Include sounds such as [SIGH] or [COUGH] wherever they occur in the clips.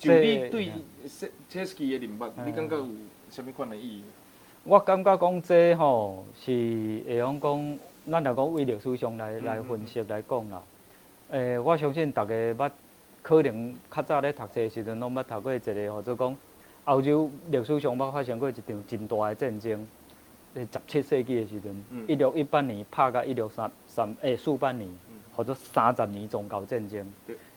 就你對這人物這期嘅認識，你感覺有啥物款嘅意義？我感覺講這吼，是會用講，咱若講為歷史上來來分析來講啦。誒、嗯嗯欸，我相信逐個捌可能較早咧讀冊時陣，攏捌讀過一個說，或者講歐洲歷史上捌發生過一場真大嘅戰爭。誒，十七世紀嘅時陣，一六一八年拍到一六三三誒四八年，或者三十年宗教戰爭。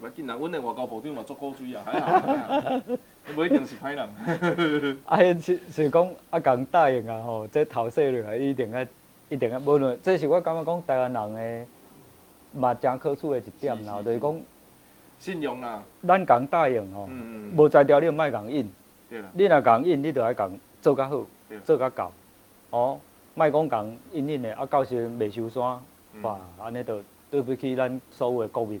無要緊，阮個外交部長嘛足過水啊，哎哎、 [LAUGHS] 不好啦，唔一定是歹人。啊，迄是是講啊，講答應啊吼，即頭緒了，伊一定要一定要，無論這是我感覺講台灣人個嘛正可取個一點啦，是是就是講信用啦、啊。咱講答應吼，嗯嗯無在條你唔賣講應。對啦。你若講應，你就愛講做較好，對啦 做較到，哦，唔賣講講應應嘞，啊到時未收山，哇，安尼、嗯、就對不起咱所有個國民。